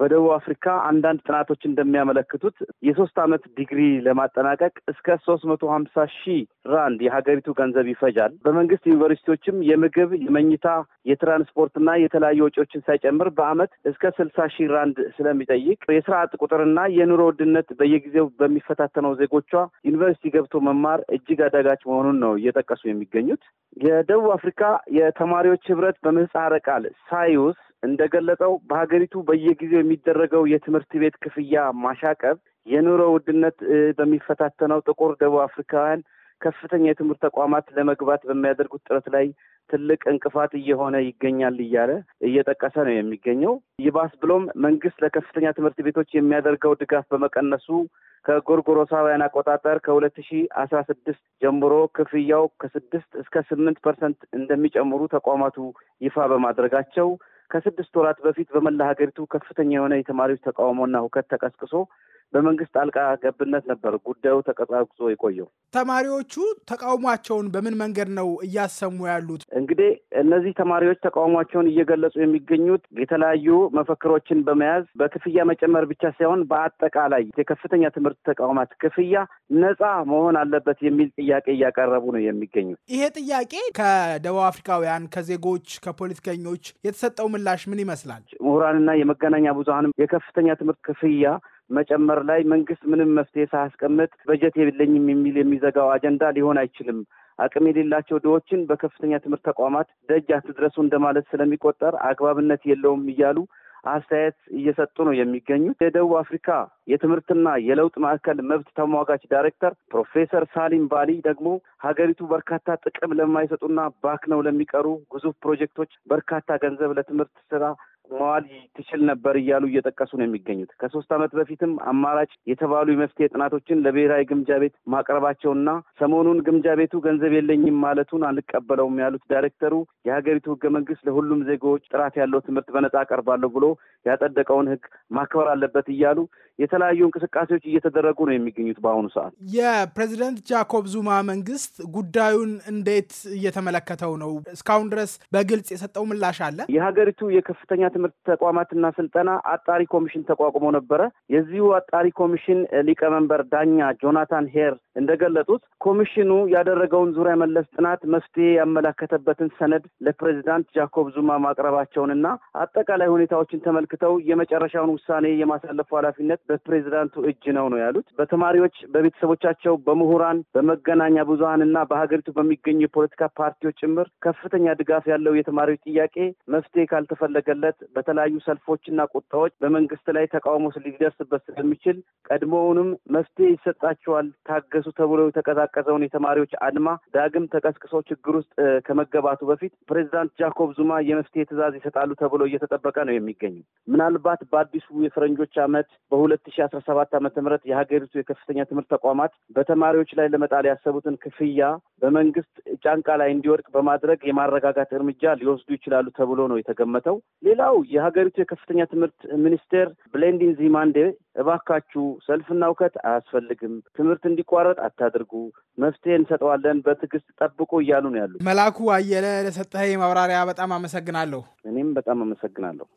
በደቡብ አፍሪካ አንዳንድ ጥናቶች እንደሚያመለክቱት የሶስት ዓመት ዲግሪ ለማጠናቀቅ እስከ ሶስት መቶ ሀምሳ ሺህ ራንድ የሀገሪቱ ገንዘብ ይፈጃል። በመንግስት ዩኒቨርሲቲዎችም የምግብ፣ የመኝታ፣ የትራንስፖርትና የተለያዩ ወጪዎችን ሳይጨምር በአመት እስከ ስልሳ ሺህ ራንድ ስለሚጠይቅ የስራ አጥ ቁጥርና የኑሮ ውድነት በየጊዜው በሚፈታተነው ዜጎቿ ዩኒቨርሲቲ ገብቶ መማር እጅግ አዳጋች መሆኑን ነው እየጠቀሱ የሚገኙት። የደቡብ አፍሪካ የተማሪዎች ህብረት በምህጻረ ቃል ሳዩስ እንደገለጸው በሀገሪቱ በየጊዜው የሚደረገው የትምህርት ቤት ክፍያ ማሻቀብ የኑሮ ውድነት በሚፈታተነው ጥቁር ደቡብ አፍሪካውያን ከፍተኛ የትምህርት ተቋማት ለመግባት በሚያደርጉት ጥረት ላይ ትልቅ እንቅፋት እየሆነ ይገኛል እያለ እየጠቀሰ ነው የሚገኘው። ይባስ ብሎም መንግስት ለከፍተኛ ትምህርት ቤቶች የሚያደርገው ድጋፍ በመቀነሱ ከጎርጎሮሳውያን አቆጣጠር ከሁለት ሺ አስራ ስድስት ጀምሮ ክፍያው ከስድስት እስከ ስምንት ፐርሰንት እንደሚጨምሩ ተቋማቱ ይፋ በማድረጋቸው ከስድስት ወራት በፊት በመላ ሀገሪቱ ከፍተኛ የሆነ የተማሪዎች ተቃውሞና ሁከት ተቀስቅሶ በመንግስት ጣልቃ ገብነት ነበር ጉዳዩ ተቀጻቅሶ የቆየው። ተማሪዎቹ ተቃውሟቸውን በምን መንገድ ነው እያሰሙ ያሉት? እንግዲህ እነዚህ ተማሪዎች ተቃውሟቸውን እየገለጹ የሚገኙት የተለያዩ መፈክሮችን በመያዝ በክፍያ መጨመር ብቻ ሳይሆን በአጠቃላይ የከፍተኛ ትምህርት ተቋማት ክፍያ ነፃ መሆን አለበት የሚል ጥያቄ እያቀረቡ ነው የሚገኙት። ይሄ ጥያቄ ከደቡብ አፍሪካውያን ከዜጎች ከፖለቲከኞች የተሰጠው ምላሽ ምን ይመስላል? ምሁራንና የመገናኛ ብዙሀንም የከፍተኛ ትምህርት ክፍያ መጨመር ላይ መንግስት ምንም መፍትሄ ሳያስቀምጥ በጀት የለኝም የሚል የሚዘጋው አጀንዳ ሊሆን አይችልም። አቅም የሌላቸው ድሆችን በከፍተኛ ትምህርት ተቋማት ደጅ አትድረሱ እንደማለት ስለሚቆጠር አግባብነት የለውም እያሉ አስተያየት እየሰጡ ነው የሚገኙት። የደቡብ አፍሪካ የትምህርትና የለውጥ ማዕከል መብት ተሟጋች ዳይሬክተር ፕሮፌሰር ሳሊም ባሊ ደግሞ ሀገሪቱ በርካታ ጥቅም ለማይሰጡና ባክነው ለሚቀሩ ግዙፍ ፕሮጀክቶች በርካታ ገንዘብ ለትምህርት ስራ መዋል ትችል ነበር እያሉ እየጠቀሱ ነው የሚገኙት። ከሶስት ዓመት በፊትም አማራጭ የተባሉ የመፍትሄ ጥናቶችን ለብሔራዊ ግምጃ ቤት ማቅረባቸውና ሰሞኑን ግምጃ ቤቱ ገንዘብ የለኝም ማለቱን አንቀበለውም ያሉት ዳይሬክተሩ የሀገሪቱ ህገ መንግስት ለሁሉም ዜጎች ጥራት ያለው ትምህርት በነጻ አቀርባለሁ ብሎ ያጸደቀውን ህግ ማክበር አለበት እያሉ የተለያዩ እንቅስቃሴዎች እየተደረጉ ነው የሚገኙት። በአሁኑ ሰዓት የፕሬዚደንት ጃኮብ ዙማ መንግስት ጉዳዩን እንዴት እየተመለከተው ነው? እስካሁን ድረስ በግልጽ የሰጠው ምላሽ አለ? የሀገሪቱ የከፍተኛ የትምህርት ተቋማትና ስልጠና አጣሪ ኮሚሽን ተቋቁሞ ነበረ። የዚሁ አጣሪ ኮሚሽን ሊቀመንበር ዳኛ ጆናታን ሄር እንደገለጡት ኮሚሽኑ ያደረገውን ዙሪያ መለስ ጥናት መፍትሄ ያመላከተበትን ሰነድ ለፕሬዚዳንት ጃኮብ ዙማ ማቅረባቸውንና አጠቃላይ ሁኔታዎችን ተመልክተው የመጨረሻውን ውሳኔ የማሳለፉ ኃላፊነት በፕሬዚዳንቱ እጅ ነው ነው ያሉት። በተማሪዎች በቤተሰቦቻቸው፣ በምሁራን፣ በመገናኛ ብዙሀንና በሀገሪቱ በሚገኙ የፖለቲካ ፓርቲዎች ጭምር ከፍተኛ ድጋፍ ያለው የተማሪዎች ጥያቄ መፍትሄ ካልተፈለገለት በተለያዩ ሰልፎችና ቁጣዎች በመንግስት ላይ ተቃውሞ ሊደርስበት ስለሚችል ቀድሞውንም መፍትሄ ይሰጣቸዋል ታገ ይቀሰቀሱ ተብሎ የተቀዛቀዘውን የተማሪዎች አድማ ዳግም ተቀስቅሶ ችግር ውስጥ ከመገባቱ በፊት ፕሬዚዳንት ጃኮብ ዙማ የመፍትሄ ትዕዛዝ ይሰጣሉ ተብሎ እየተጠበቀ ነው የሚገኙ። ምናልባት በአዲሱ የፈረንጆች ዓመት በሁለት ሺ አስራ ሰባት ዓመተ ምህረት የሀገሪቱ የከፍተኛ ትምህርት ተቋማት በተማሪዎች ላይ ለመጣል ያሰቡትን ክፍያ በመንግስት ጫንቃ ላይ እንዲወድቅ በማድረግ የማረጋጋት እርምጃ ሊወስዱ ይችላሉ ተብሎ ነው የተገመተው። ሌላው የሀገሪቱ የከፍተኛ ትምህርት ሚኒስቴር ብሌንዲን ዚማንዴ እባካችሁ ሰልፍና እውከት አያስፈልግም፣ ትምህርት እንዲቋረጥ አታድርጉ፣ መፍትሄ እንሰጠዋለን፣ በትዕግስት ጠብቁ እያሉ ነው ያሉት። መላኩ አየለ ለሰጠኸኝ ማብራሪያ በጣም አመሰግናለሁ። እኔም በጣም አመሰግናለሁ።